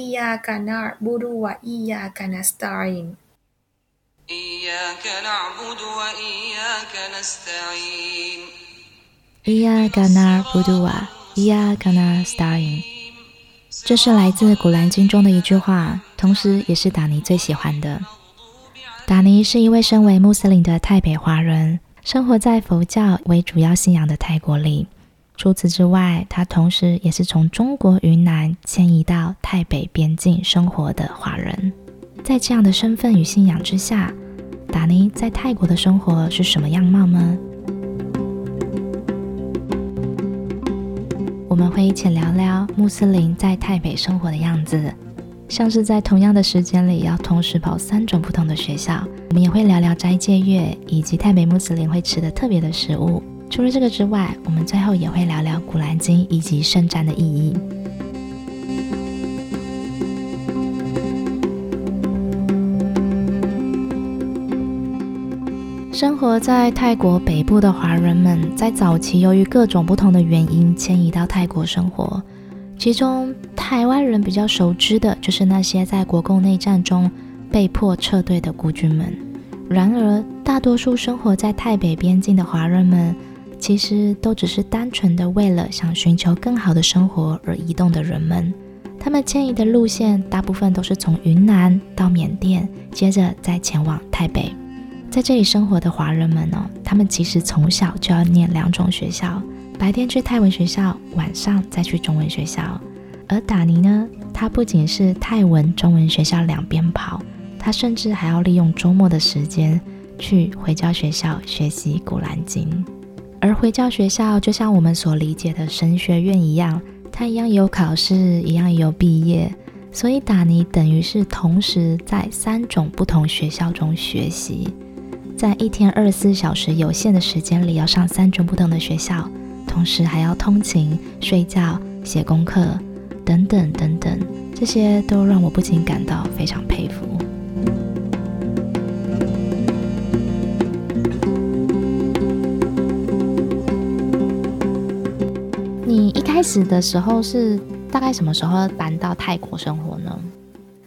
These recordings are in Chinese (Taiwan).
伊亞嘎納布魯瓦伊亞嘎納斯達因伊亞嘎納布魯瓦伊亞嘎納斯達因，伊亞嘎納布魯瓦伊亞嘎納斯達因，這是來自古蘭經中的一句話，同時也是達尼最喜歡的。達尼是一位身為穆斯林的泰北華人，生活在佛教為主要信仰的泰國裡。除此之外，他同時也是從中國雲南遷移到泰北邊境生活的華人。在這樣的身份與信仰之下，達尼在泰國的生活是什麼樣貌呢？我們會一起聊聊穆斯林在泰北生活的樣子，像是在同樣的時間裡要同時跑三種不同的學校。我們也會聊聊齋戒月以及泰北穆斯林會吃的特別的食物。除了這個之外，我們最後也會聊聊《古蘭經》以及聖戰的意義。生活在泰國北部的華人們，在早期由於各種不同的原因遷移到泰國生活，其中台灣人比較熟知的就是那些在國共內戰中被迫撤退的孤軍們。然而，大多數生活在泰北邊境的華人們。其實都只是單純的為了想尋求更好的生活而移動的人們，他們遷移的路線大部分都是從雲南到緬甸，接着再前往泰北。在這裡生活的華人們呢、哦，他們其實從小就要念兩種學校，白天去泰文學校，晚上再去中文學校。而打尼呢，他不僅是泰文、中文學校兩邊跑，他甚至還要利用周末的時間去回教學校學習古蘭經。而回教學校就像我們所理解的神學院一樣，它一樣有考試，一樣有畢業。所以達尼等於是同時在三種不同學校中學習，在一天二十四小時有限的時間裡要上三種不同的學校，同時還要通勤、睡覺、寫功課等等等等，這些都讓我不禁感到非常佩服。開始的時候是大概什麼時候搬到泰國生活呢？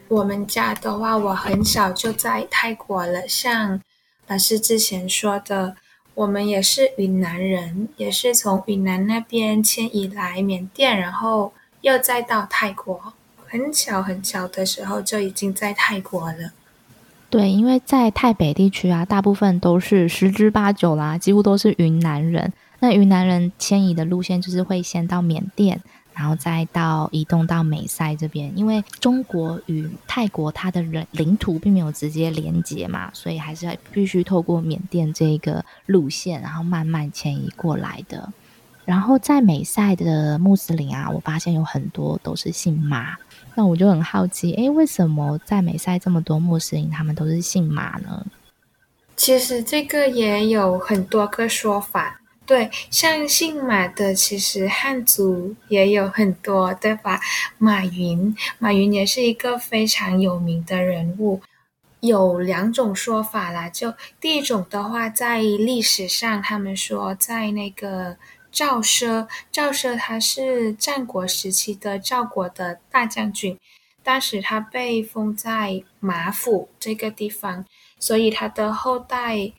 我們家的話，我很小就在泰國了。像老師之前說的，我們也是雲南人，也是從雲南那邊遷移來緬甸，然後又再到泰國。很小很小的時候就已經在泰國了。對，因為在泰北地區啊，大部分都是十之八九啦，幾乎都是雲南人。那雲南人遷移的路線就是會先到緬甸，然後再到移動到美塞這邊，因為中國與泰國它的人領土並沒有直接連接嘛，所以還是要必須透過緬甸這個路線，然後慢慢遷移過來的。然後在美塞的穆斯林啊，我發現有很多都是姓馬，那我就很好奇，誒，為什麼在美塞這麼多穆斯林，他們都是姓馬呢？其實這個也有很多個說法。對，像姓馬的其實漢族也有很多，對吧？馬雲，馬雲也是一個非常有名的人物，有兩種說法啦。就第一種的話，在歷史上，他們說在那個趙奢，趙奢他是戰國時期的趙國的大將軍，當時他被封在馬府這個地方，所以他的後代。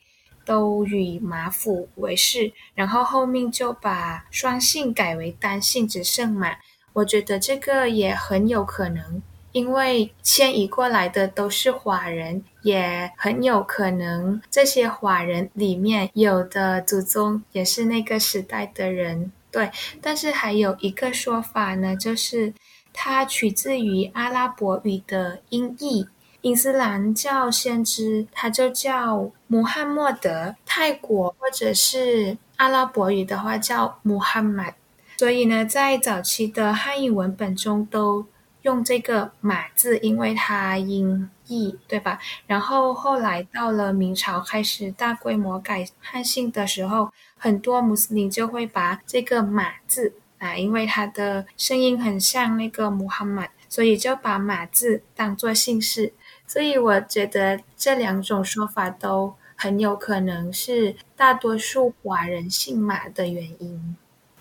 都與馬府為氏，然後後面就把雙姓改為單姓，只剩馬。我覺得這個也很有可能，因為遷移過來的都是華人，也很有可能這些華人裡面有的祖宗也是那個時代的人。對，但是還有一個說法呢，就是它取自於阿拉伯語的音譯。伊斯蘭教先知他就叫穆罕默德，泰國或者是阿拉伯語的話叫穆罕馬，所以呢，在早期的漢譯文本中都用這個馬字，因為它音譯對吧？然後後來到了明朝開始大規模改漢姓的時候，很多穆斯林就會把這個馬字啊，因為它的聲音很像那個穆罕馬，所以就把馬字當作姓氏。所以我覺得這兩種說法都很有可能是大多數華人姓馬的原因。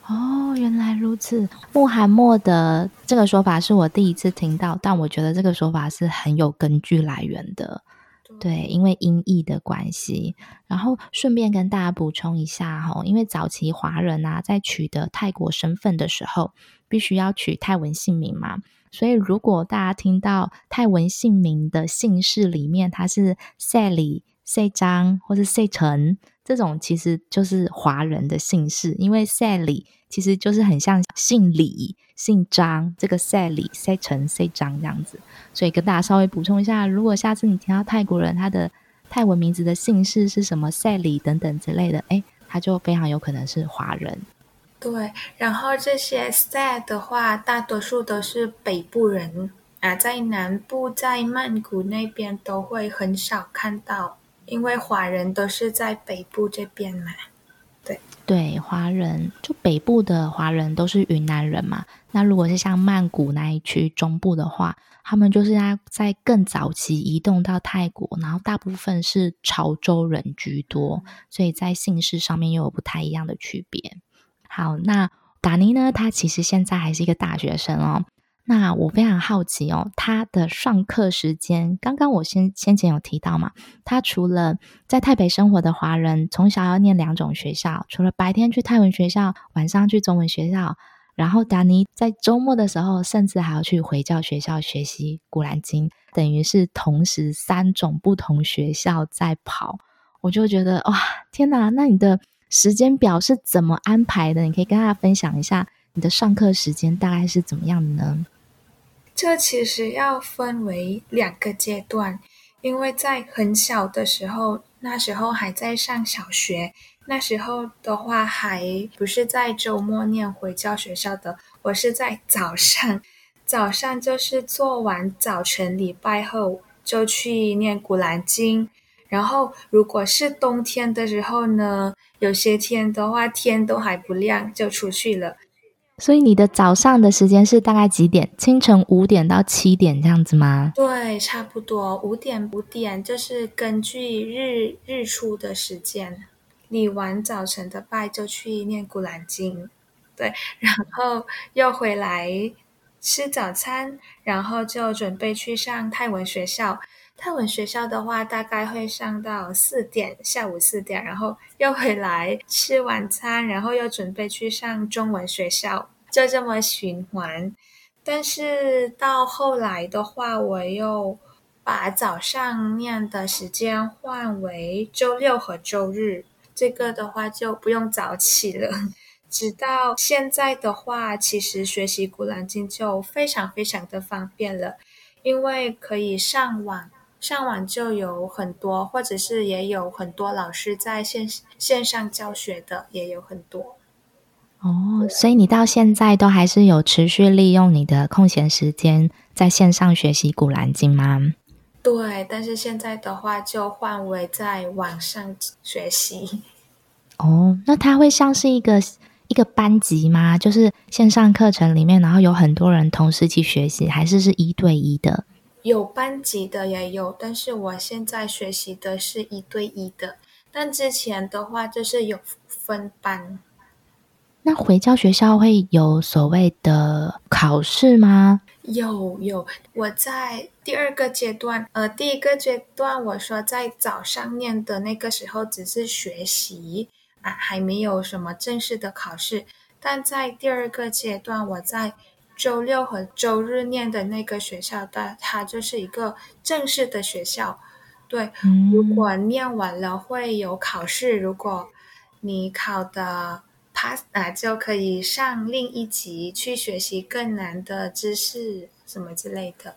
哦，原來如此。穆罕默德這個說法是我第一次聽到，但我覺得這個說法是很有根據來源的。對，對，因為音譯的關係。然後順便跟大家補充一下哈，哦，因為早期華人啊，在取得泰國身份的時候，必須要取泰文姓名嘛。所以，如果大家聽到泰文姓名的姓氏裡面，他是賽李、賽張或是賽陳，這種其實就是華人的姓氏，因為賽李其實就是很像姓李、姓張，這個賽李、賽陳、賽張這樣子。所以跟大家稍微補充一下，如果下次你聽到泰國人他的泰文名字的姓氏是什麼賽李等等之類的，哎，他就非常有可能是華人。對，然後這些賽的話，大多數都是北部人啊，在南部，在曼谷那邊都會很少看到，因為華人都是在北部這邊嘛。對，對，華人就北部的華人都是雲南人嘛。那如果是像曼谷那一區中部的話，他們就是在在更早期移動到泰國，然後大部分是潮州人居多，所以在姓氏上面又有不太一樣的區別。好，那達尼呢？他其實現在還是一個大學生哦。那我非常好奇哦，他的上課時間，剛剛我先先前有提到嘛，他除了在泰北生活的華人，從小要念兩種學校，除了白天去泰文學校，晚上去中文學校，然後達尼在周末的時候，甚至還要去回教學校學習古蘭經，等於是同時三種不同學校在跑。我就覺得哇、哦，天吶，那你的。時間表是怎麼安排的？你可以跟大家分享一下你的上課時間大概是怎麼樣的呢？這其實要分為兩個階段，因為在很小的時候，那時候還在上小學，那時候的話還不是在週末念回教學校的，我是在早上，早上就是做完早晨禮拜後，就去念古蘭經。然後，如果是冬天的時候呢，有些天的話，天都還不亮就出去了。所以你的早上的時間是大概幾點？清晨五點到七點這樣子嗎？對，差不多五點五點，就是根據日日出的時間。禮完早晨的拜就去念古蘭經，對，然後又回來吃早餐，然後就準備去上泰文學校。泰文學校的話，大概會上到四點，下午四點，然後又回來吃晚餐，然後又準備去上中文學校，就這麼循環。但是到後來的話，我又把早上念的時間換為週六和週日，這個的話就不用早起了。直到現在的話，其實學習《古蘭經》就非常非常的方便了，因為可以上網。上網就有很多，或者是也有很多老師在線線上教學的也有很多。哦，所以你到現在都還是有持續利用你的空閒時間在線上學習《古蘭經》嗎？對，但是現在的話就換為在網上學習。哦，那它會像是一個一個班級嗎？就是線上課程裡面，然後有很多人同時去學習，還是是一對一的？有班級的也有，但是我現在學習的是一對一的。但之前的話就是有分班。那回教學校會有所謂的考試嗎？有有，我在第二個階段，呃，第一個階段我說在早上念的那個時候只是學習啊，還沒有什麼正式的考試。但在第二個階段，我在。週六和週日念的那個學校的。但它就是一個正式的學校。對，如果念完了會有考試，如果你考的 pass 啊，就可以上另一級去學習更難的知識什麼之類的。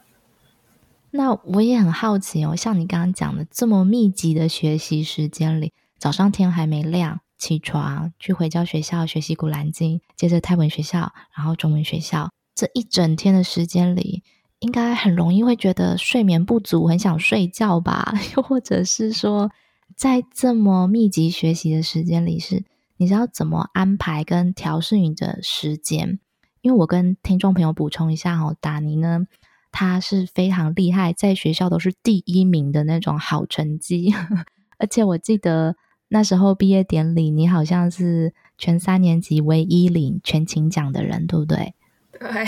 那我也很好奇哦，像你剛剛講的這麼密集的學習時間裡，早上天還沒亮起床去回教學校學習《古蘭經》，接着泰文學校，然後中文學校。這一整天的時間裡，應該很容易會覺得睡眠不足，很想睡覺吧？又或者是說，在這麼密集學習的時間裡是，是你知道怎麼安排跟調試你的時間？因為我跟聽眾朋友補充一下哈、哦，達尼呢，他是非常厲害，在學校都是第一名的那種好成績，而且我記得那時候畢業典禮，你好像是全三年級唯一領全勤獎的人，對不對？對，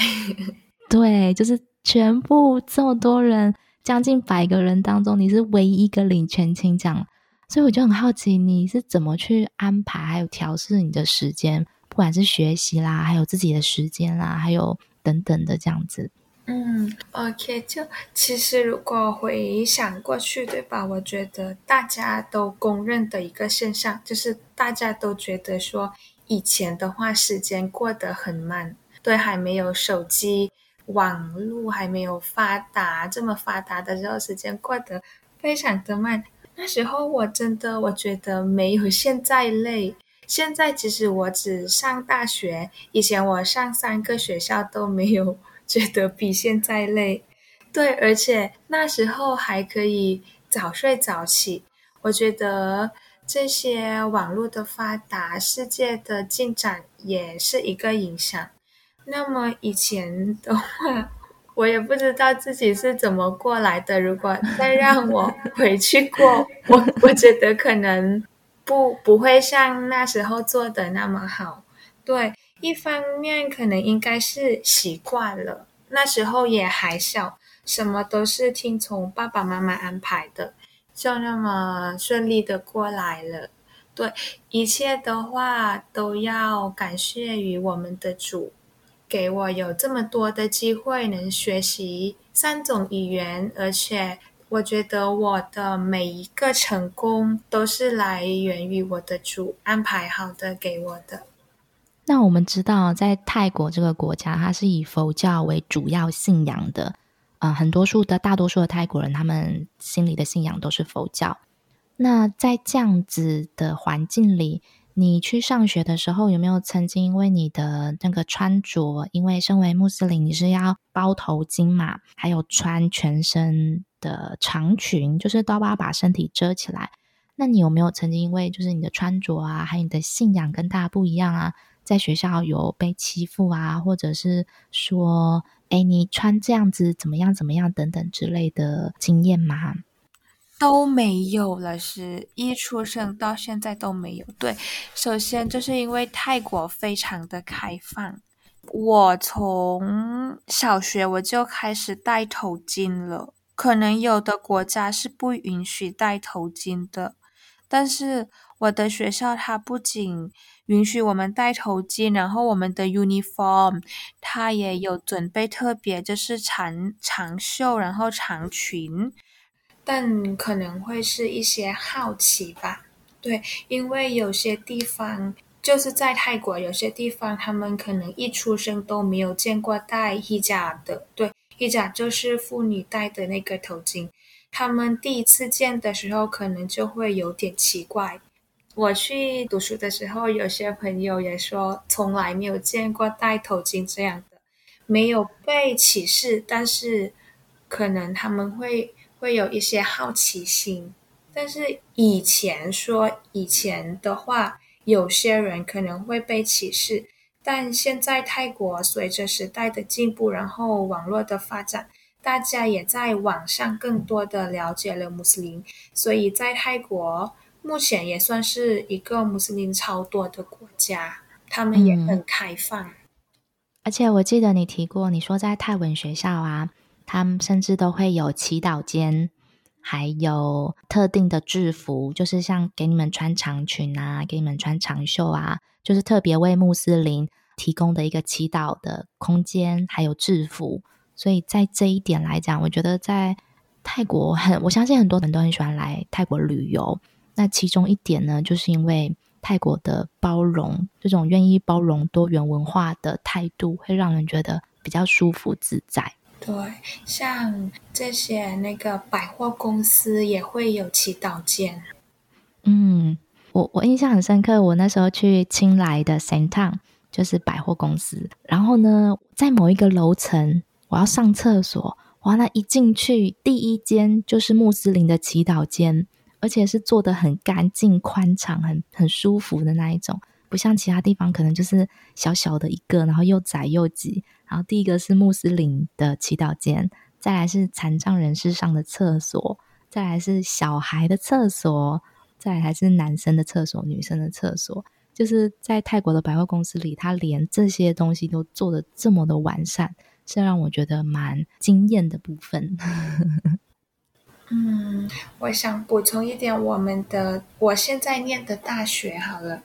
對，就是全部這麼多人，將近百個人當中，你是唯一一個領全勤獎，所以我就很好奇，你是怎麼去安排還有調試你的時間，不管是學習啦，還有自己的時間啦，還有等等的這樣子。嗯，OK，就其實如果回想過去，對吧？我覺得大家都公認的一個現象，就是大家都覺得說以前的話，時間過得很慢。對，還沒有手機，網絡還沒有發達，這麼發達的時候，時間過得非常的慢。那時候我真的我覺得沒有現在累。現在其實我只上大學，以前我上三個學校都沒有覺得比現在累。對，而且那時候還可以早睡早起。我覺得這些網絡的發達，世界的進展也是一個影響。那麼以前的話，我也不知道自己是怎麼過來的。如果再讓我回去過，我我覺得可能不不會像那時候做的那麼好。對，一方面可能應該是習慣了，那時候也還小，什麼都是聽從爸爸媽媽安排的，就那麼順利的過來了。對，一切的話都要感謝於我們的主。給我有這麼多的機會能學習三種語言，而且我覺得我的每一個成功都是來源於我的主安排好的給我的。那我們知道，在泰國這個國家，它是以佛教為主要信仰的，啊、呃，很多數的大多數的泰國人，他們心裡的信仰都是佛教。那在這樣子的環境裡。你去上學的時候，有沒有曾經因為你的那個穿着，因為身為穆斯林你是要包頭巾嘛，還有穿全身的長裙，就是都要把身體遮起來？那你有沒有曾經因為就是你的穿着啊，還有你的信仰跟大家不一樣啊，在學校有被欺負啊，或者是說，哎，你穿這樣子怎麼樣怎麼樣等等之類的經驗嗎？都沒有了，是一出生到現在都沒有。對，首先就是因為泰國非常的開放，我從小學我就開始戴頭巾了。可能有的國家是不允許戴頭巾的，但是我的學校它不僅允許我們戴頭巾，然後我們的 uniform 它也有準備特別，就是長長袖，然後長裙。但可能會是一些好奇吧，對，因為有些地方就是在泰國，有些地方他們可能一出生都沒有見過戴 hijab 的，對，hijab 就是婦女戴的那個頭巾，他們第一次見的時候可能就會有點奇怪。我去讀書的時候，有些朋友也說從來沒有見過戴頭巾這樣的，沒有被歧視，但是可能他們會。會有一些好奇心，但是以前說以前的話，有些人可能會被歧視，但現在泰國隨着時代的進步，然後網絡的發展，大家也在網上更多的了解了穆斯林，所以在泰國目前也算是一個穆斯林超多的國家，他們也很開放。嗯，而且我記得你提過，你說在泰文學校啊，他們甚至都會有祈禱間，還有特定的制服，就是像給你們穿長裙啊，給你們穿長袖啊，就是特別為穆斯林提供的一個祈禱的空間，還有制服。所以在這一點來講，我覺得在泰國很，我相信很多人都很喜歡來泰國旅遊。那其中一點呢，就是因為泰國的包容，這種願意包容多元文化的態度，會讓人覺得比較舒服自在。對，像這些那個百貨公司也會有祈禱間。嗯，我我印象很深刻，我那時候去清萊的 Santown，就是百貨公司，然後呢，在某一個樓層，我要上廁所，哇，那一進去第一間就是穆斯林的祈禱間，而且是做的很乾淨、寬敞、很很舒服的那一種。不像其他地方，可能就是小小的一個，然後又窄又擠。然後第一個是穆斯林的祈禱間，再來是殘障人士上的廁所，再來是小孩的廁所，再來是男生的廁所、女生的廁所。就是在泰國的百貨公司裡，他連這些東西都做得這麼的完善，是讓我覺得蠻驚艷的部分。 嗯，我想補充一點，我們的我現在念的大學好了。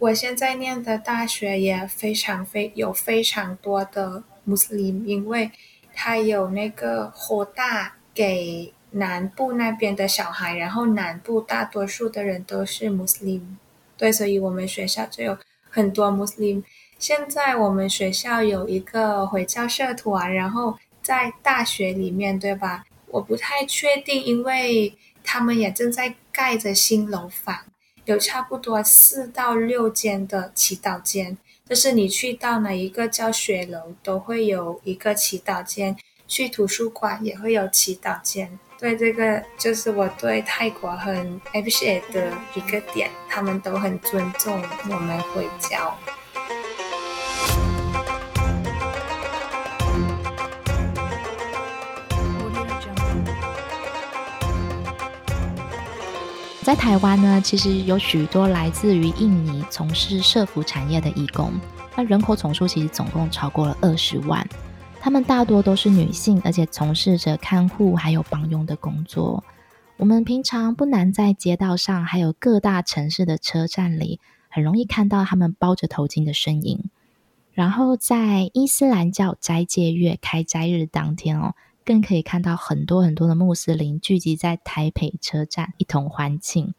我現在念的大學也非常非有非常多的穆斯林，因為，他有那個豁大給南部那邊的小孩，然後南部大多數的人都是穆斯林，對，所以我們學校就有很多穆斯林。現在我們學校有一個回教社團，啊，然後在大學裡面，對吧？我不太確定，因為他們也正在蓋着新樓房。有差不多四到六間的祈禱間，就是你去到哪一個教學樓，都會有一個祈禱間；去圖書館也會有祈禱間。對，這個就是我對泰國很 appreciate 的一個點，他們都很尊重我們回教。在台灣呢，其實有許多來自於印尼從事社福產業的義工，那人口總數其實總共超過了二十萬，他們大多都是女性，而且從事着看護還有幫傭的工作。我們平常不難在街道上，還有各大城市的車站裡，很容易看到他們包着頭巾的身影。然後在伊斯蘭教齋戒月開齋日當天哦。更可以看到很多很多的穆斯林聚集在台北車站一同歡慶，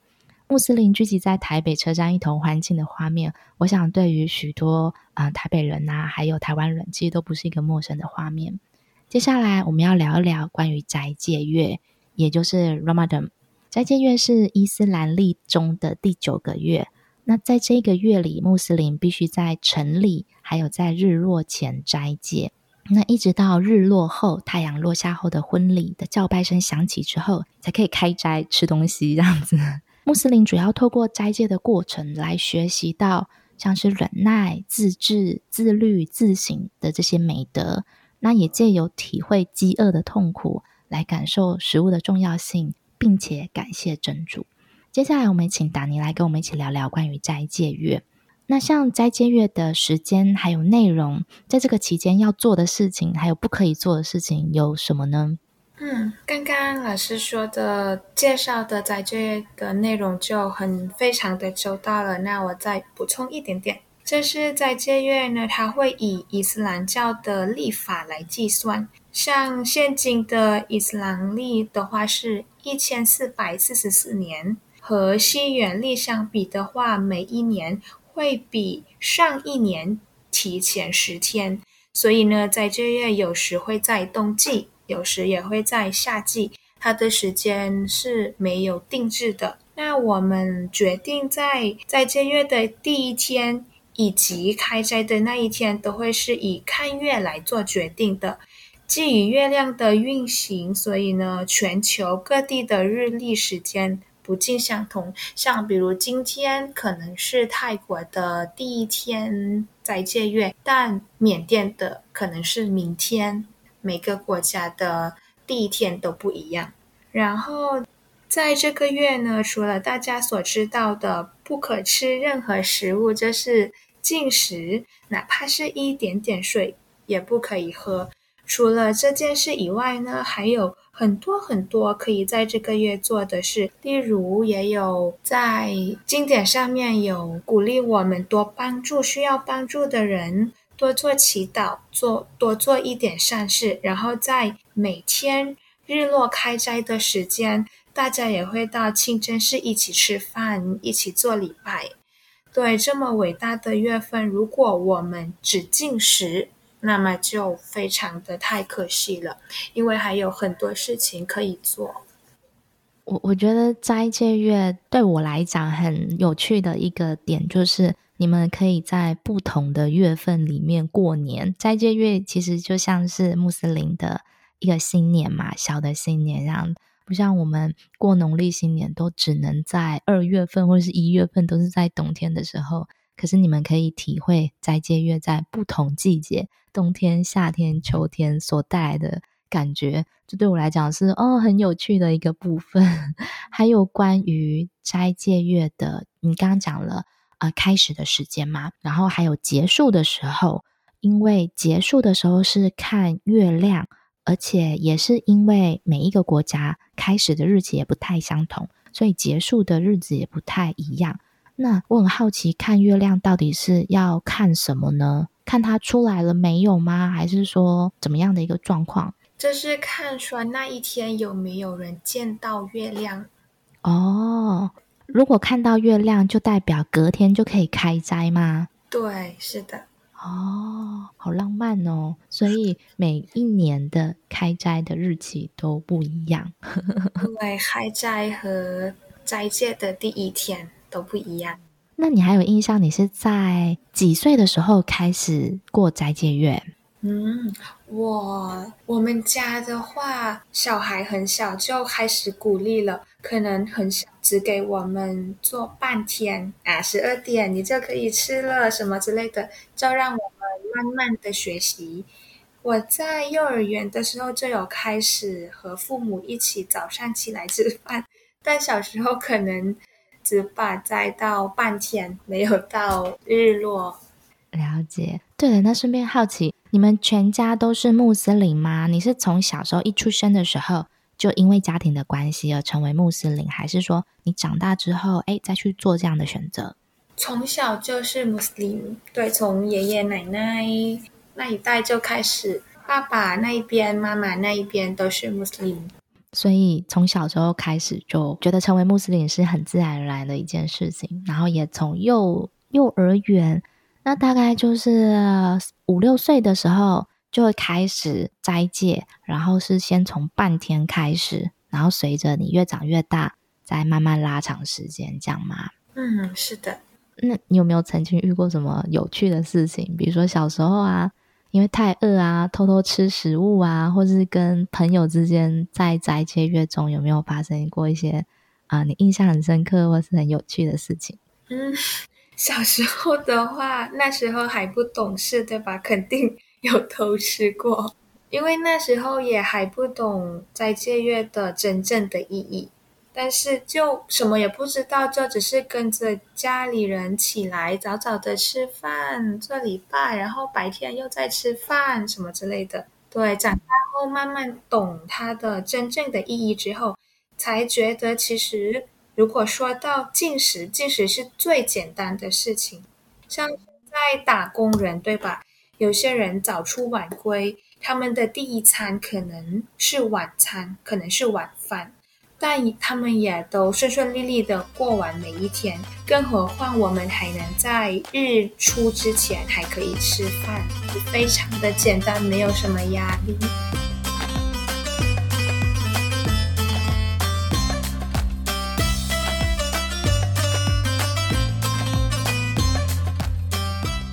穆斯林聚集在台北車站一同歡慶的畫面，我想對於許多啊、呃、台北人吶、啊，還有台灣人，其實都不是一個陌生的畫面。接下來我們要聊一聊關於齋戒月，也就是 Ramadan。齋戒月是伊斯蘭曆中的第九個月，那在這個月裡，穆斯林必須在城裡還有在日落前齋戒。那一直到日落後，太陽落下後的昏禮的叫拜聲響起之後，才可以開齋吃東西。這樣子，穆斯林主要透過齋戒的過程來學習到像是忍耐、自制、自律、自省的這些美德。那也借由體會飢餓的痛苦，來感受食物的重要性，並且感謝真主。接下來，我們請達尼來跟我們一起聊聊關於齋戒月。那像齋戒月的時間還有內容，在這個期間要做的事情，還有不可以做的事情有什麼呢？嗯，剛剛老師說的介紹的齋戒月的內容就很非常的周到了。那我再補充一點點，就是齋戒月呢，它會以伊斯蘭教的曆法來計算。像現今的伊斯蘭曆的話是一千四百四十四年，和西元曆相比的話，每一年，會比上一年提前十天，所以呢，在齋月有時會在冬季，有時也會在夏季，它的時間是沒有定制的。那我們決定在在齋月的第一天以及開齋的那一天，都會是以看月來做決定的，基於月亮的運行，所以呢，全球各地的日曆時間。不盡相同，像比如今天可能是泰國的第一天齋戒月，但緬甸的可能是明天。每個國家的第一天都不一樣。然後在這個月呢，除了大家所知道的不可吃任何食物，就是禁食，哪怕是一點點水也不可以喝。除了這件事以外呢，還有很多很多可以在這個月做的事。例如，也有在經典上面有鼓勵我們多幫助需要幫助的人，多做祈禱，做多做一點善事。然後在每天日落開齋的時間，大家也會到清真寺一起吃飯，一起做禮拜。對，這麼偉大的月份，如果我們只進食，那麼就非常的太可惜了，因為還有很多事情可以做。我我覺得齋戒月對我來講很有趣的一個點，就是你們可以在不同的月份裡面過年。齋戒月其實就像是穆斯林的一個新年嘛，小的新年這樣，不像我們過農曆新年都只能在二月份或者是一月份，都是在冬天的時候。可是你們可以體會齋戒月在不同季節，冬天、夏天、秋天所帶來的感覺，這對我來講是哦很有趣的一個部分。還有關於齋戒月的，你剛剛講了呃開始的時間嘛，然後還有結束的時候，因為結束的時候是看月亮，而且也是因為每一個國家開始的日子也不太相同，所以結束的日子也不太一樣。那我很好奇，看月亮到底是要看什麼呢？看它出來了沒有嗎？還是說怎麼樣的一個狀況？就是看出來那一天有沒有人見到月亮。哦，如果看到月亮，就代表隔天就可以開齋嗎？對，是的。哦，好浪漫哦！所以每一年的開齋的日期都不一樣。 對，開齋和齋戒的第一天。都不一樣。那你還有印象？你是在幾歲的時候開始過齋戒月？嗯，我我們家的話，小孩很小就開始鼓勵了，可能很小只給我們做半天啊，十二點你就可以吃了，什麼之類的，就讓我們慢慢的學習。我在幼兒園的時候就有開始和父母一起早上起來吃飯，但小時候可能。只把齋到半天，沒有到日落。了解。對了，那順便好奇，你們全家都是穆斯林嗎？你是從小時候一出生的時候，就因為家庭的關係而成為穆斯林，還是說你長大之後，哎，再去做這樣的選擇？從小就是穆斯林，對，從爺爺奶奶那一代就開始，爸爸那一邊、媽媽那一邊都是穆斯林。所以從小時候開始就覺得成為穆斯林是很自然而然的一件事情，然後也從幼幼兒園，那大概就是五六歲的時候就會開始齋戒，然後是先從半天開始，然後隨着你越長越大，再慢慢拉長時間，這樣嗎？嗯，是的。那你有沒有曾經遇過什麼有趣的事情？比如說小時候啊。因為太餓啊，偷偷吃食物啊，或是跟朋友之間在齋戒月中有沒有發生過一些啊，呃，你印象很深刻或是很有趣的事情？嗯，小時候的話，那時候還不懂事，對吧？肯定有偷吃過，因為那時候也還不懂齋戒月的真正的意義。但是就什麼也不知道，就只是跟着家裡人起來，早早的吃飯做禮拜，然後白天又在吃飯什麼之類的。對，長大後慢慢懂它的真正的意義之後，才覺得其實如果說到禁食，禁食是最簡單的事情。像現在打工人，對吧？有些人早出晚歸，他們的第一餐可能是晚餐，可能是晚飯。但他們也都順順利利的過完每一天，更何況我們還能在日出之前還可以吃飯，非常的簡單，沒有什麼壓力。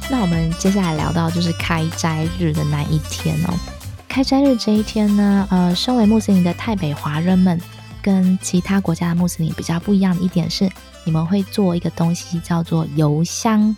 那我們接下來聊到就是開齋日的那一天哦。開齋日這一天呢，呃，身為穆斯林的泰北華人們。跟其他國家的穆斯林比較不一樣的一點是，你們會做一個東西叫做油香，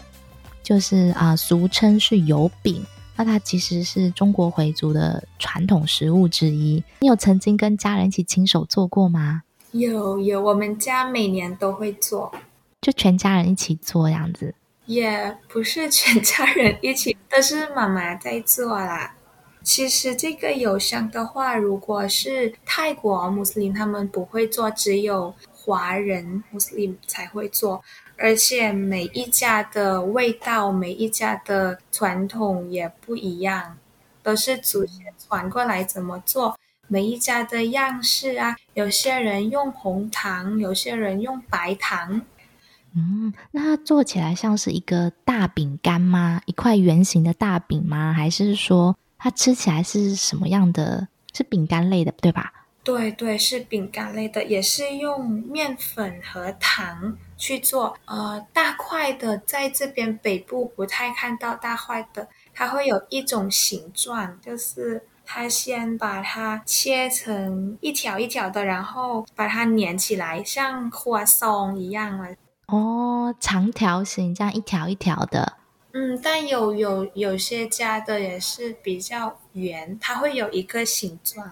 就是啊，俗稱是油餅。那它其實是中國回族的傳統食物之一。你有曾經跟家人一起親手做過嗎？有有，我們家每年都會做，就全家人一起做這樣子。也、yeah, 不是全家人一起，都是媽媽在做啦。其實這個油香的話，如果是泰國穆斯林，他們不會做，只有華人穆斯林才會做。而且每一家的味道，每一家的傳統也不一樣，都是祖先傳過來怎麼做，每一家的樣式啊，有些人用紅糖，有些人用白糖。嗯，那做起來像是一個大餅乾嗎？一塊圓形的大餅嗎？還是說？它吃起來是什麼樣的？是餅乾類的，對吧？對對，是餅乾類的，也是用麵粉和糖去做。呃，大塊的在這邊北部不太看到大塊的，它會有一種形狀，就是它先把它切成一條一條的，然後把它粘起來，像花生一樣了。哦，長條形，這樣一條一條的。嗯，但有有有些家的也是比較圓，它會有一個形狀，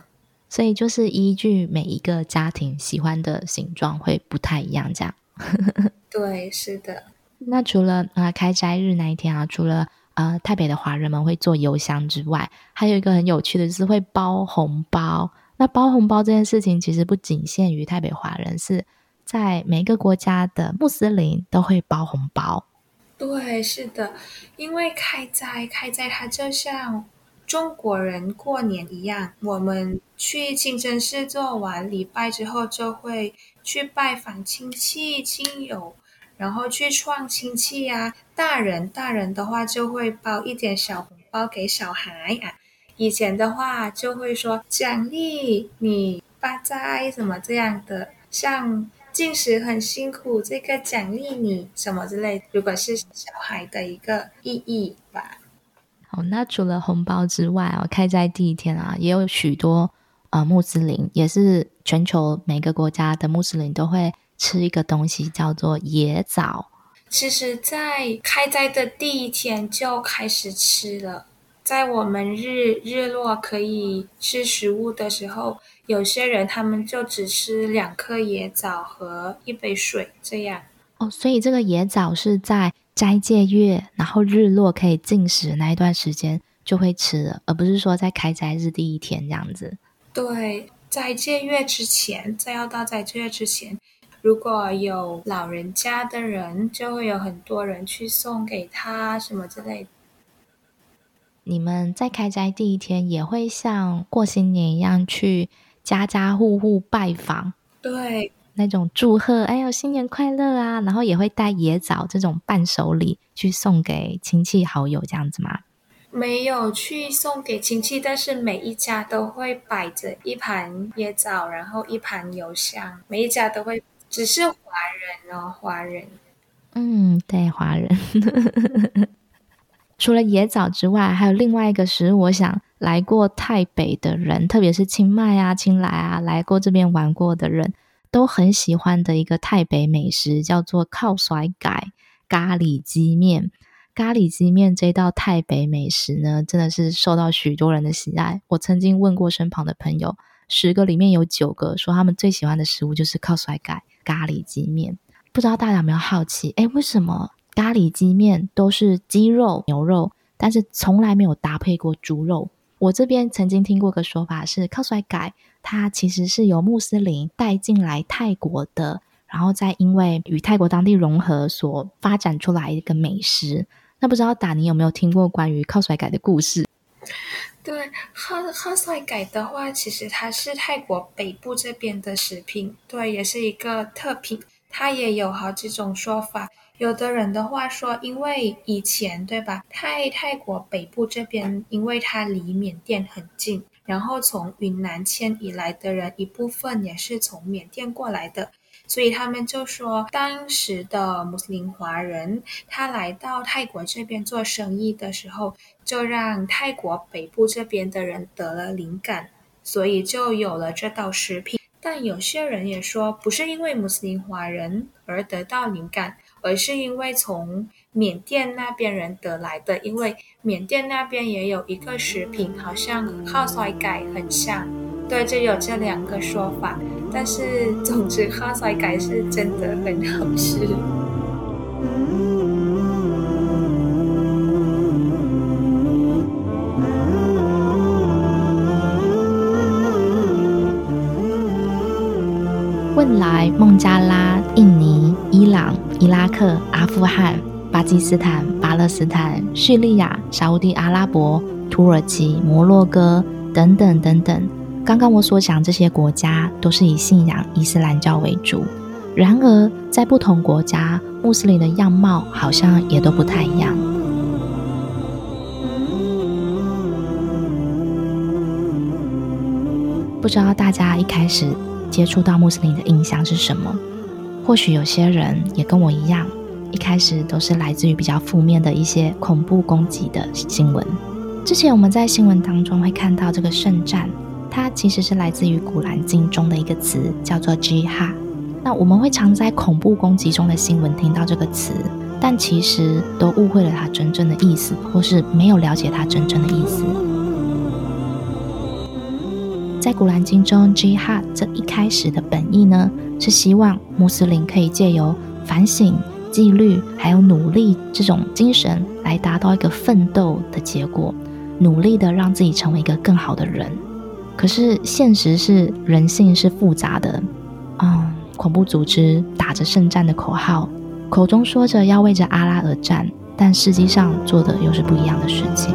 所以就是依據每一個家庭喜歡的形狀會不太一樣，這樣。 對，是的。那除了啊、呃、開齋日那一天啊，除了啊、呃、泰北的華人們會做油香之外，還有一個很有趣的就是會包紅包。那包紅包這件事情其實不僅限於泰北華人，是在每一個國家的穆斯林都會包紅包。對，是的，因為開齋開齋，它就像中國人過年一樣，我們去清真寺做完禮拜之後，就會去拜訪親戚親友，然後去串親戚啊。大人大人的話就會包一點小紅包給小孩啊。以前的話就會說獎勵你發財，什麼這樣的，像。禁食很辛苦，這個獎勵你什麼之類，如果是小孩的一個意義吧。好，那除了紅包之外啊，開齋第一天啊，也有許多啊、呃、穆斯林，也是全球每個國家的穆斯林都會吃一個東西，叫做椰棗。其實，在開齋的第一天就開始吃了。在我們日日落可以吃食物的時候，有些人他們就只吃兩顆椰棗和一杯水這樣。哦，所以這個椰棗是在齋戒月，然後日落可以進食那一段時間就會吃了，而不是說在開齋日第一天這樣子。對，在齋戒月之前，再要到齋戒月之前，如果有老人家的人，就會有很多人去送給他什麼之類的。你們在開齋第一天也會像過新年一樣去家家戶戶拜訪，對，那種祝賀，哎呦，新年快樂啊！然後也會帶椰棗這種伴手禮去送給親戚好友，這樣子嗎？沒有去送給親戚，但是每一家都會擺着一盤椰棗，然後一盤油香，每一家都會，只是華人哦，華人，嗯，對，華人。嗯 除了椰棗之外，還有另外一個食物，我想來過泰北的人，特別是清邁啊、清萊啊，來過這邊玩過的人，都很喜歡的一個泰北美食，叫做靠甩改咖喱雞麵。咖喱雞麵這道泰北美食呢，真的是受到許多人的喜愛。我曾經問過身旁的朋友，十個裡面有九個說他們最喜歡的食物就是靠甩改咖喱雞麵。不知道大家有沒有好奇，誒，為什麼？咖喱雞麵都是雞肉、牛肉，但是從來沒有搭配過豬肉。我這邊曾經聽過個說法是，靠甩改，它其實是由穆斯林帶進來泰國的，然後再因為與泰國當地融合所發展出來一個美食。那不知道達尼有沒有聽過關於靠甩改的故事？對，靠靠甩改的話，其實它是泰國北部這邊的食品，對，也是一個特品。它也有好幾種說法。有的人的話說，因為以前對吧，泰泰國北部這邊，因為它離緬甸很近，然後從雲南遷移來的人一部分也是從緬甸過來的，所以他們就說當時的穆斯林華人，他來到泰國這邊做生意的時候，就讓泰國北部這邊的人得了靈感，所以就有了這道食品。但有些人也說，不是因為穆斯林華人而得到靈感。而是因為從緬甸那邊人得來的，因為緬甸那邊也有一個食品，好像和好衰改很像，對，就有這兩個說法。但是總之，好衰改是真的很好吃。問來孟加拉、印尼。伊朗、伊拉克、阿富汗、巴基斯坦、巴勒斯坦、敘利亞、沙烏地阿拉伯、土耳其、摩洛哥等等等等。剛剛我所講這些國家都是以信仰伊斯蘭教為主。然而，在不同國家，穆斯林的樣貌好像也都不太一樣。不知道大家一開始接觸到穆斯林的印象是什麼？或許有些人也跟我一樣，一開始都是來自於比較負面的一些恐怖攻擊的新聞。之前我們在新聞當中會看到這個聖戰，它其實是來自於《古蘭經》中的一個詞，叫做 jihad。那我們會常在恐怖攻擊中的新聞聽到這個詞，但其實都誤會了它真正的意思，或是沒有了解它真正的意思。在古《古蘭經》中，“jihad” 這一開始的本意呢，是希望穆斯林可以借由反省、紀律，還有努力這種精神，來達到一個奮鬥的結果，努力的讓自己成為一個更好的人。可是現實是人性是複雜的，嗯，恐怖組織打着聖戰的口號，口中說着要為着阿拉而戰，但實際上做的又是不一樣的事情。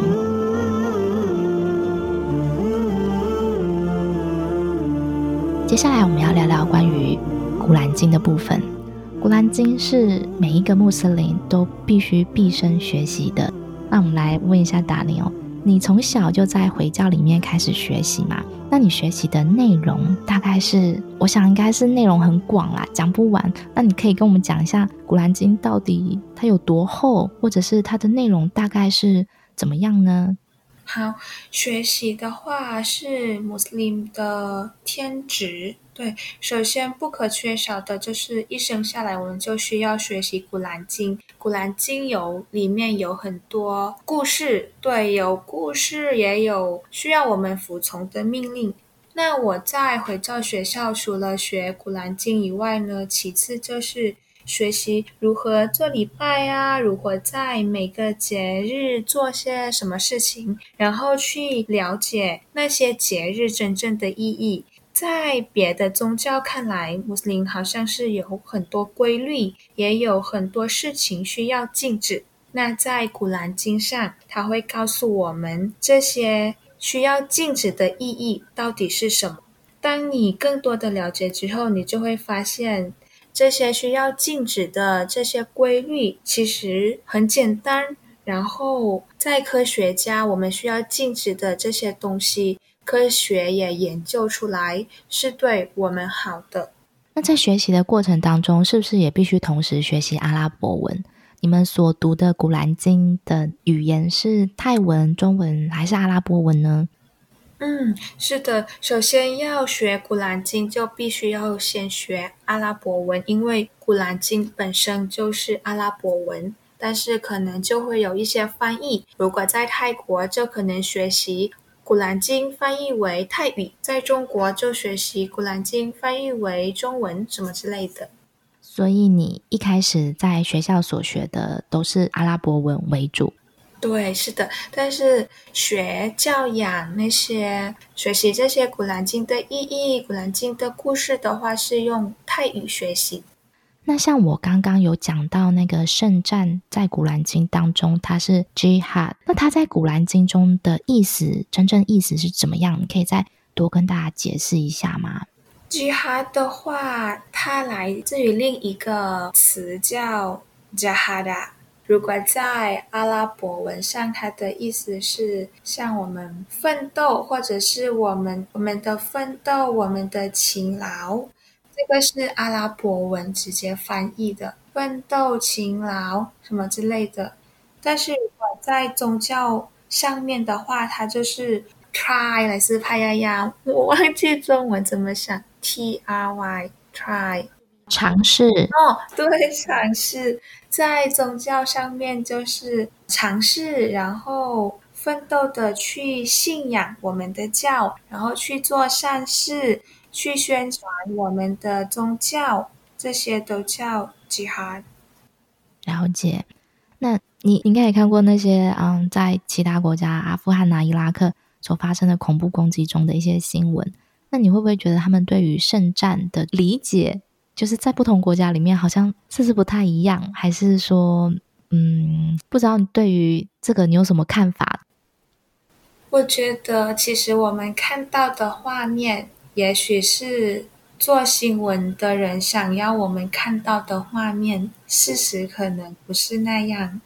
接下來我們要聊聊關於《古蘭經》的部分。《古蘭經》是每一個穆斯林都必須畢生學習的。那我們來問一下達尼哦，你從小就在回教裡面開始學習嘛？那你學習的內容大概是？我想應該是內容很廣啦，講不完。那你可以跟我們講一下《古蘭經》到底它有多厚，或者是它的內容大概是怎麼樣呢？好，學習的話是穆斯林的天職。對，首先不可缺少的就是一生下來我們就需要學習古蘭經。古蘭經有，裡面有很多故事，對，有故事也有需要我們服從的命令。那我在回教學校，除了學古蘭經以外呢，其次就是。學習如何做禮拜啊，如何在每個節日做些什麼事情，然後去了解那些節日真正的意義。在別的宗教看來，穆斯林好像是有很多規律，也有很多事情需要禁止。那在古蘭經上，它會告訴我們這些需要禁止的意義到底是什麼？當你更多的了解之後，你就會發現。這些需要禁止的這些規律其實很簡單，然後在科學家，我們需要禁止的這些東西，科學也研究出來是對我們好的。那在學習的過程當中，是不是也必須同時學習阿拉伯文？你們所讀的《古蘭經》的語言是泰文、中文還是阿拉伯文呢？嗯，是的，首先要學《古蘭經》，就必須要先學阿拉伯文，因為《古蘭經》本身就是阿拉伯文。但是可能就會有一些翻譯，如果在泰國，就可能學習《古蘭經》翻譯為泰語；在中國，就學習《古蘭經》翻譯為中文，什麼之類的。所以你一開始在學校所學的都是阿拉伯文為主。對，是的，但是學教養那些學習這些《古蘭經》的意義，《古蘭經》的故事的話，是用泰語學習。那像我剛剛有講到那個聖戰，在《古蘭經》當中，它是 jihad。那它在《古蘭經》中的意思，真正意思是怎麼樣？你可以再多跟大家解釋一下嗎？jihad 的話，它來自於另一個詞叫 jihada。如果在阿拉伯文上，它的意思是像我們奮鬥，或者是我們我們的奮鬥，我們的勤勞，這個是阿拉伯文直接翻譯的，奮鬥、勤勞什麼之類的。但是，如果在宗教上面的話，它就是 try，還是 p r y 呀？我忘記中文怎麼想，try，try。T-R-Y, try。嘗試哦，對，嘗試在宗教上面就是嘗試，然後奮鬥的去信仰我們的教，然後去做善事，去宣傳我們的宗教，這些都叫 jihad。了解，那你應該也看過那些嗯，在其他國家阿富汗吶、啊、伊拉克所發生的恐怖攻擊中的一些新聞，那你會不會覺得他們對於聖戰的理解？就是在不同國家裡面，好像事實不太一樣，還是說，嗯，不知道你對於這個你有什麼看法？我覺得，其實我們看到的畫面，也許是做新聞的人想要我們看到的畫面，事實可能不是那樣。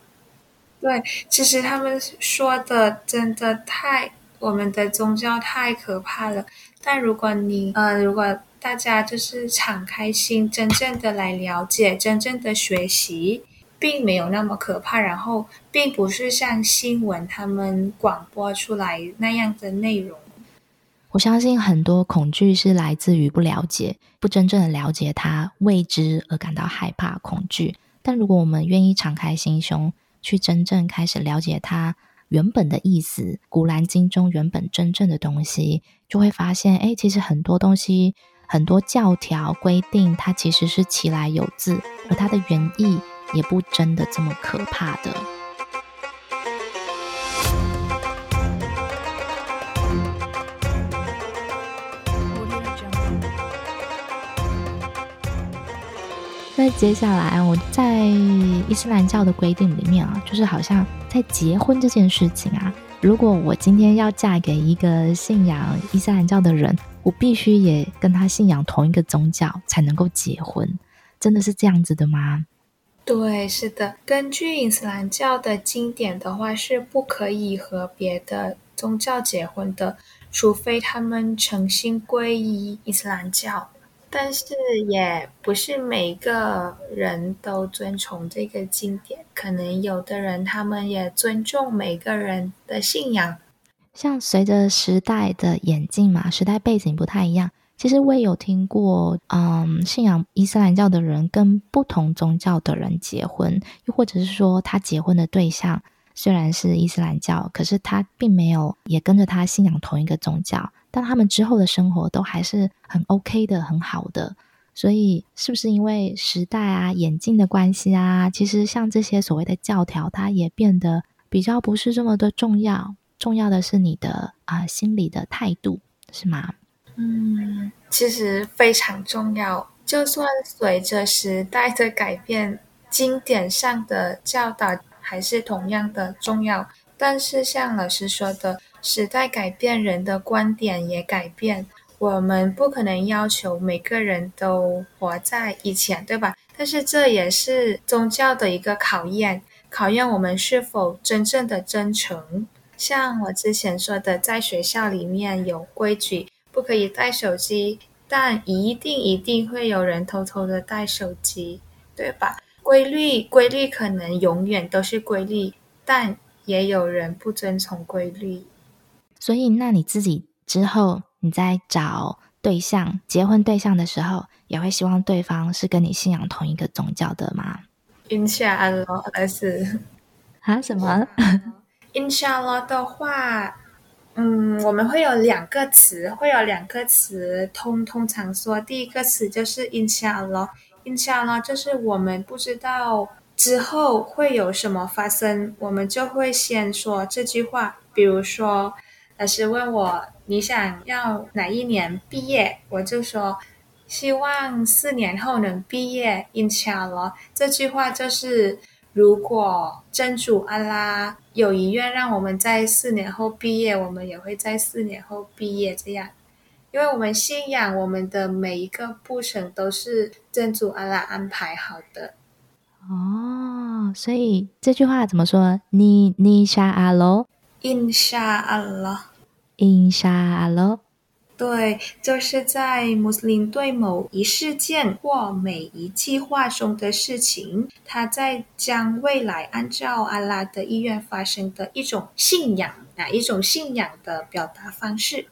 對，其實他們說的真的太，我們的宗教太可怕了。但如果你，嗯、呃，如果。大家就是敞開心，真正的來了解，真正的學習，並沒有那麼可怕。然後，並不是像新聞他們廣播出來那樣的內容。我相信很多恐懼是來自於不了解，不真正的了解它，未知而感到害怕恐懼。但如果我們願意敞開心胸，去真正開始了解它原本的意思，《古蘭經》中原本真正的東西，就會發現，哎，其實很多東西。很多教條規定，它其實是其來有自，而它的原意也不真的這麼可怕的。 那接下來我在伊斯蘭教的規定裡面啊，就是好像在結婚這件事情啊，如果我今天要嫁給一個信仰伊斯蘭教的人。我必須也跟他信仰同一個宗教才能夠結婚，真的是這樣子的嗎？對，是的。根據伊斯蘭教的經典的話，是不可以和別的宗教結婚的，除非他們誠心皈依伊斯蘭教。但是也不是每個人都遵從這個經典，可能有的人他們也尊重每個人的信仰。像隨着時代的演進嘛，時代背景不太一樣。其實我也有聽過，嗯，信仰伊斯蘭教的人跟不同宗教的人結婚，又或者是說他結婚的對象雖然是伊斯蘭教，可是他並沒有也跟着他信仰同一個宗教，但他們之後的生活都還是很 OK 的，很好的。所以是不是因為時代啊，演進的關係啊，其實像這些所謂的教條，它也變得比較不是這麼的重要。重要的是你的啊、呃，心理的態度是嗎？嗯，其實非常重要。就算隨着時代的改變，經典上的教導還是同樣的重要。但是像老師說的，時代改變，人的觀點也改變。我們不可能要求每個人都活在以前，對吧？但是這也是宗教的一個考驗，考驗我們是否真正的真誠。像我之前說的，在學校裡面有規矩，不可以帶手機，但一定一定會有人偷偷的帶手機，對吧？規律，規律可能永遠都是規律，但也有人不遵從規律。所以，那你自己之後你在找對象、結婚對象的時候，也會希望對方是跟你信仰同一個宗教的嗎？Inshallah 嘍，還是啊？什麼？ Inshallah 的話，嗯，我們會有兩個詞，會有兩個詞通通常說，第一個詞就是 “Inshallah”。Inshallah 就是我們不知道之後會有什麼發生，我們就會先說這句話。比如說，老師問我你想要哪一年畢業，我就說希望四年後能畢業。Inshallah 這句話就是如果真主阿拉。有意願讓我們在四年後畢業，我們也會在四年後畢業。這樣，因為我們信仰，我們的每一個步程都是真主阿拉安排好的。哦，所以這句話怎麼說？尼尼沙阿拉。Inshallah。Inshallah。對，就是在穆斯林對某一事件或每一計畫中的事情，他在將未來按照阿拉的意願發生的一種信仰，哪一種信仰的表達方式？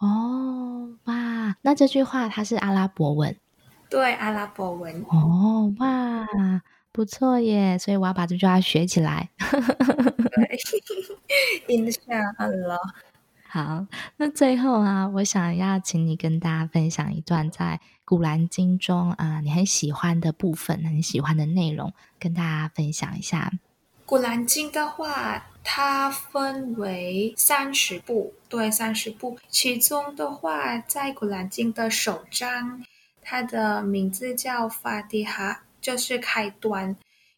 哦，哇，那這句話它是阿拉伯文，對，阿拉伯文。哦，哇，不錯耶，所以我要把這句話學起來。 對 ，Inshallah 好，那最後啊，我想要請你跟大家分享一段在《古蘭經》中啊，你很喜歡的部分，很喜歡的內容，跟大家分享一下。《古蘭經》的話，它分為三十部，對，三十部。其中的話，在《古蘭經》的首章，它的名字叫《法蒂哈》，就是開端。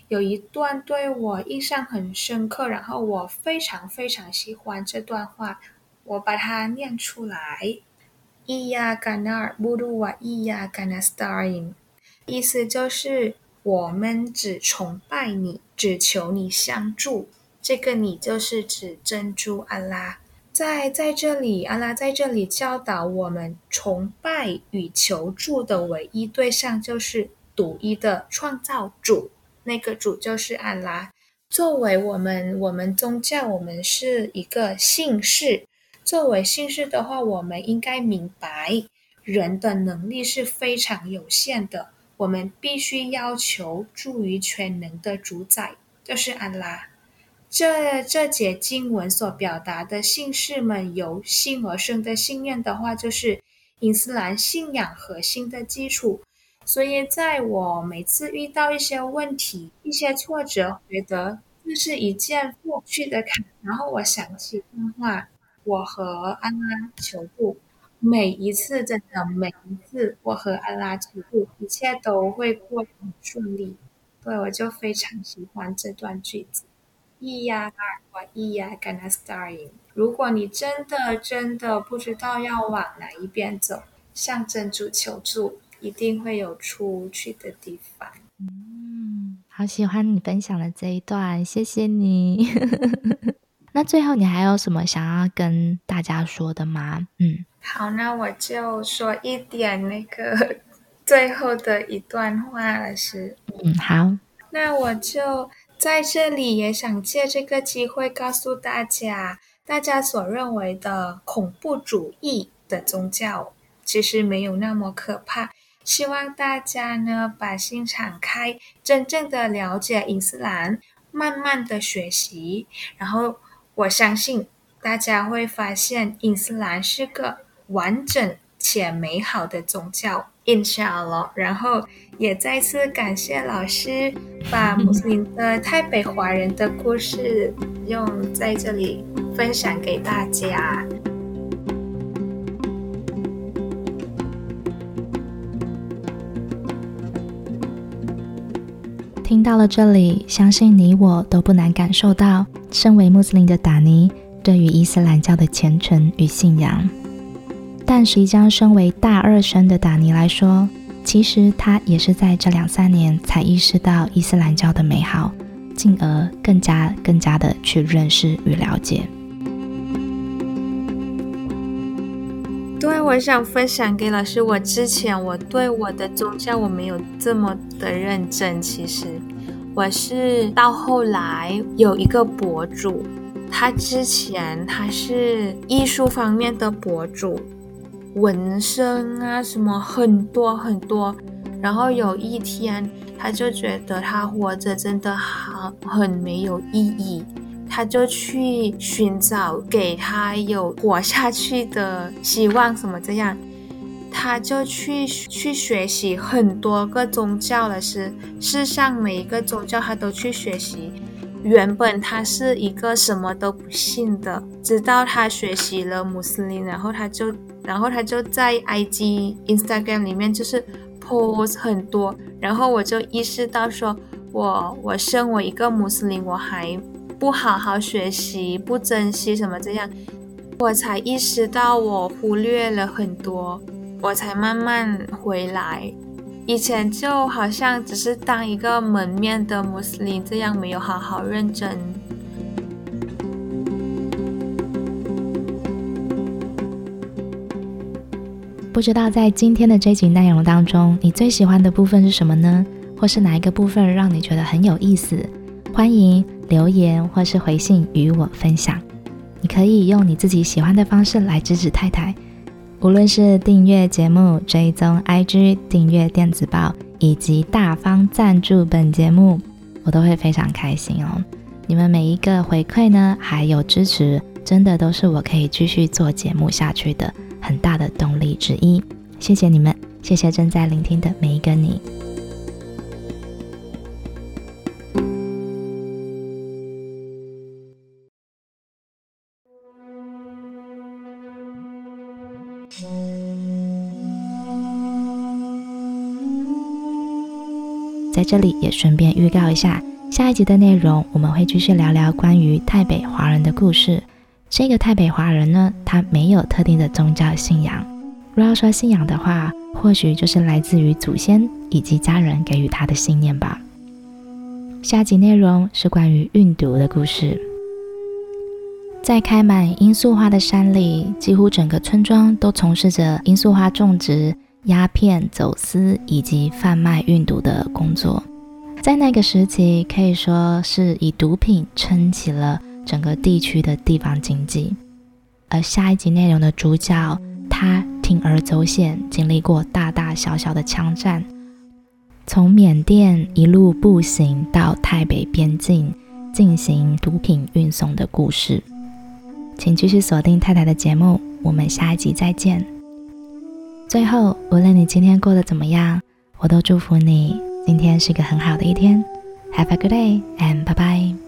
有一段對我印象很深刻，然後我非常非常喜歡這段話。我把它念出來：伊呀甘納爾布魯瓦伊呀甘納斯達因，意思就是我們只崇拜你，只求你相助。這個你就是指真主阿拉。在在這裡，阿拉在這裡教導我們，崇拜與求助的唯一對象就是獨一的創造主，那個主就是阿拉。作為我們，我們宗教，我們是一個姓氏。作為信士的話，我們應該明白，人的能力是非常有限的。我們必須要求助於全能的主宰，就是安拉。這這節經文所表達的信士們由心而生的信念的話，就是伊斯蘭信仰核心的基礎。所以，在我每次遇到一些問題、一些挫折、覺得這是一件過不去的坎，然後我想起的話。我和安拉求助，每一次真的每一次，我和安拉求助，一切都會過得很順利。對，我就非常喜歡這段句子，E 呀 ar,，我 E 呀，跟他 s t a r i n 如果你真的真的不知道要往哪一邊走，向真主求助，一定會有出去的地方。嗯，好喜歡你分享的這一段，謝謝你。 那最後，你還有什麼想要跟大家說的嗎？嗯，好，那我就說一點那個最後的一段話了，是，嗯，好，那我就在這裡也想借這個機會告訴大家，大家所認為的恐怖主義的宗教其實沒有那麼可怕，希望大家呢把心敞開，真正的了解伊斯蘭，慢慢的學習，然後。我相信大家會發現伊斯蘭是個完整且美好的宗教。Inshallah。然後也再次感謝老師把穆斯林的泰北華人的故事用在這裡分享給大家。聽到了這裡，相信你我都不難感受到。身為穆斯林的達尼，對於伊斯蘭教的虔誠與信仰。但，即將身為大二生的達尼來說，其實他也是在這兩三年才意識到伊斯蘭教的美好，進而更加更加的去認識與了解。對，我想分享給老師，我之前我對我的宗教我沒有這麼的認真，其實。我是到後來有一個博主，他之前他是藝術方面的博主，紋身啊什麼很多很多，然後有一天他就覺得他活着真的好很沒有意義，他就去尋找給他有活下去的希望什麼這樣。他就去去學習很多個宗教的事，世上每一個宗教他都去學習。原本他是一個什麼都不信的，直到他學習了穆斯林，然後他就然後他就在 IG Instagram 裡面就是 post 很多，然後我就意識到說，我我身為一個穆斯林我還不好好學習，不珍惜什麼這樣，我才意識到我忽略了很多。我才慢慢回來，以前就好像只是當一個門面的穆斯林這樣，沒有好好認真。不知道在今天的這集內容當中，你最喜歡的部分是什麼呢？或是哪一個部分讓你覺得很有意思？歡迎留言或是回信與我分享。你可以用你自己喜歡的方式來支持泰泰。無論是訂閱節目、追蹤 IG、訂閱電子報，以及大方贊助本節目，我都會非常開心哦。你們每一個回饋呢，還有支持，真的都是我可以繼續做節目下去的很大的動力之一。謝謝你們，謝謝正在聆聽的每一個你。在這裡也順便預告一下下一集的內容，我們會繼續聊聊關於泰北華人的故事。這個泰北華人呢，他沒有特定的宗教信仰，若要說信仰的話，或許就是來自於祖先以及家人給予他的信念吧。下一集內容是關於運毒的故事。在開滿罌粟花的山裡，幾乎整個村莊都從事着罌粟花種植。鴉片走私以及販賣運毒的工作，在那個時期可以說是以毒品撐起了整個地區的地方經濟。而下一集內容的主角，他鋌而走險，經歷過大大小小的槍戰，從緬甸一路步行到泰北邊境進行毒品運送的故事。請繼續鎖定泰泰的節目，我們下一集再見。最後，無論你今天過得怎麼樣，我都祝福你，今天是個很好的一天。Have a good day and bye bye.